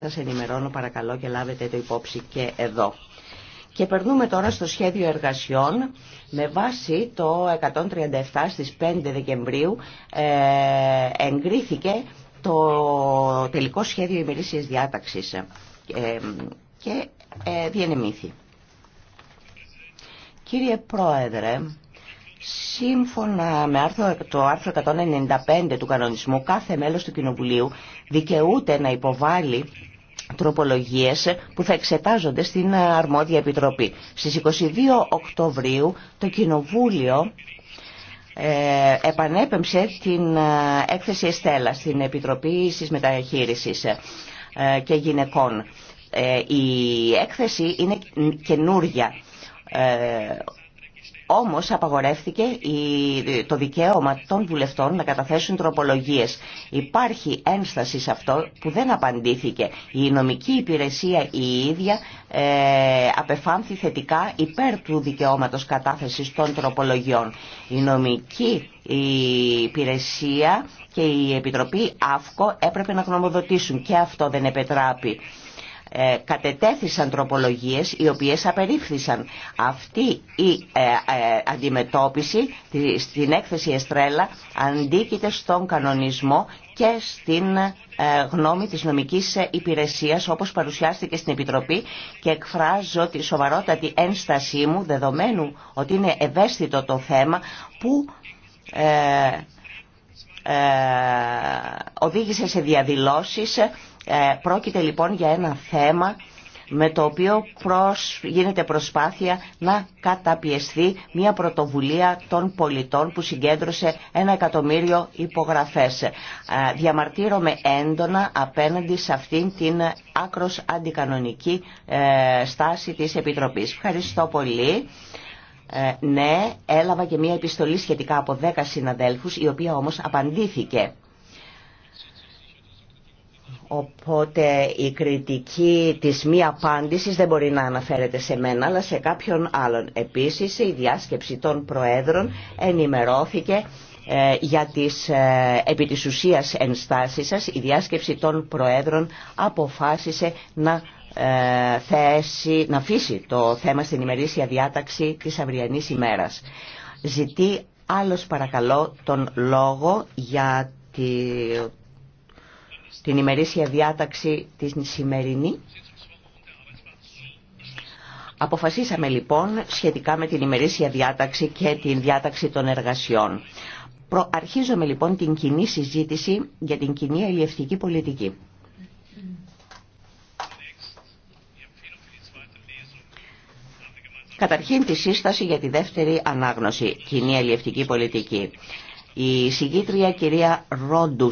Σας ενημερώνω παρακαλώ και λάβετε το υπόψη και εδώ. Και περνούμε τώρα στο σχέδιο εργασιών με βάση το 137 στις 5 Δεκεμβρίου ε, εγκρίθηκε το τελικό σχέδιο ημερήσιας διάταξης ε, και ε, διενεμήθη. Κύριε Πρόεδρε, Σύμφωνα με το άρθρο 195 του κανονισμού, κάθε μέλος του Κοινοβουλίου δικαιούται να υποβάλει τροπολογίες που θα εξετάζονται στην αρμόδια επιτροπή. Στις 22 Οκτωβρίου το Κοινοβούλιο ε, επανέπεμψε την ε, έκθεση Εστέλα στην Επιτροπή της ε, και Γυναικών. η έκθεση είναι καινούρια όμως απαγορεύτηκε το δικαίωμα των βουλευτών να καταθέσουν τροπολογίες. Υπάρχει ένσταση σε αυτό που δεν απαντήθηκε. Η νομική υπηρεσία η ίδια ε, απεφάνθη θετικά υπέρ του δικαιώματος κατάθεσης των τροπολογιών. Η νομική υπηρεσία και η Επιτροπή ΑΦΚΟ έπρεπε να γνωμοδοτήσουν και αυτό δεν επετράπει. Ε, κατετέθησαν τροπολογίες οι οποίες απερίφθησαν. Αυτή η ε, ε, αντιμετώπιση στην έκθεση Εστρέλα αντίκειται στον κανονισμό και στην γνώμη της νομικής υπηρεσίας όπως παρουσιάστηκε στην Επιτροπή και εκφράζω τη σοβαρότατη ένστασή μου δεδομένου ότι είναι ευαίσθητο το θέμα που οδήγησε σε διαδηλώσεις ε, πρόκειται λοιπόν για ένα θέμα με το οποίο προς, γίνεται προσπάθεια να καταπιεστεί μια πρωτοβουλία των πολιτών που συγκέντρωσε ένα εκατομμύριο υπογραφές. Ε, διαμαρτύρομαι έντονα απέναντι σε αυτήν την άκρος αντικανονική ε, στάση της Επιτροπής. Ευχαριστώ πολύ. ναι, έλαβα και μια επιστολή σχετικά από δέκα συναδέλφους, η οποία όμως απαντήθηκε. Οπότε η κριτική της μη απάντησης δεν μπορεί να αναφέρεται σε μένα αλλά σε κάποιον άλλον. Επίσης η διάσκεψη των Προέδρων ενημερώθηκε ε, για τις ε, επί της ουσίας ενστάσεις σας. Η διάσκεψη των Προέδρων αποφάσισε να, ε, θέσει, να αφήσει το θέμα στην ημερήσια διάταξη της αυριανής ημέρας. Ζητεί άλλος παρακαλώ τον λόγο για τη την ημερήσια διάταξη της σημερινή. Αποφασίσαμε λοιπόν σχετικά με την ημερήσια διάταξη και την διάταξη των εργασιών. Αρχίζουμε λοιπόν την κοινή συζήτηση για την κοινή αλλιευτική πολιτική. Καταρχήν τη σύσταση για τη δεύτερη ανάγνωση, κοινή αλλιευτική πολιτική. Η συγκίτρια κυρία Ρόντου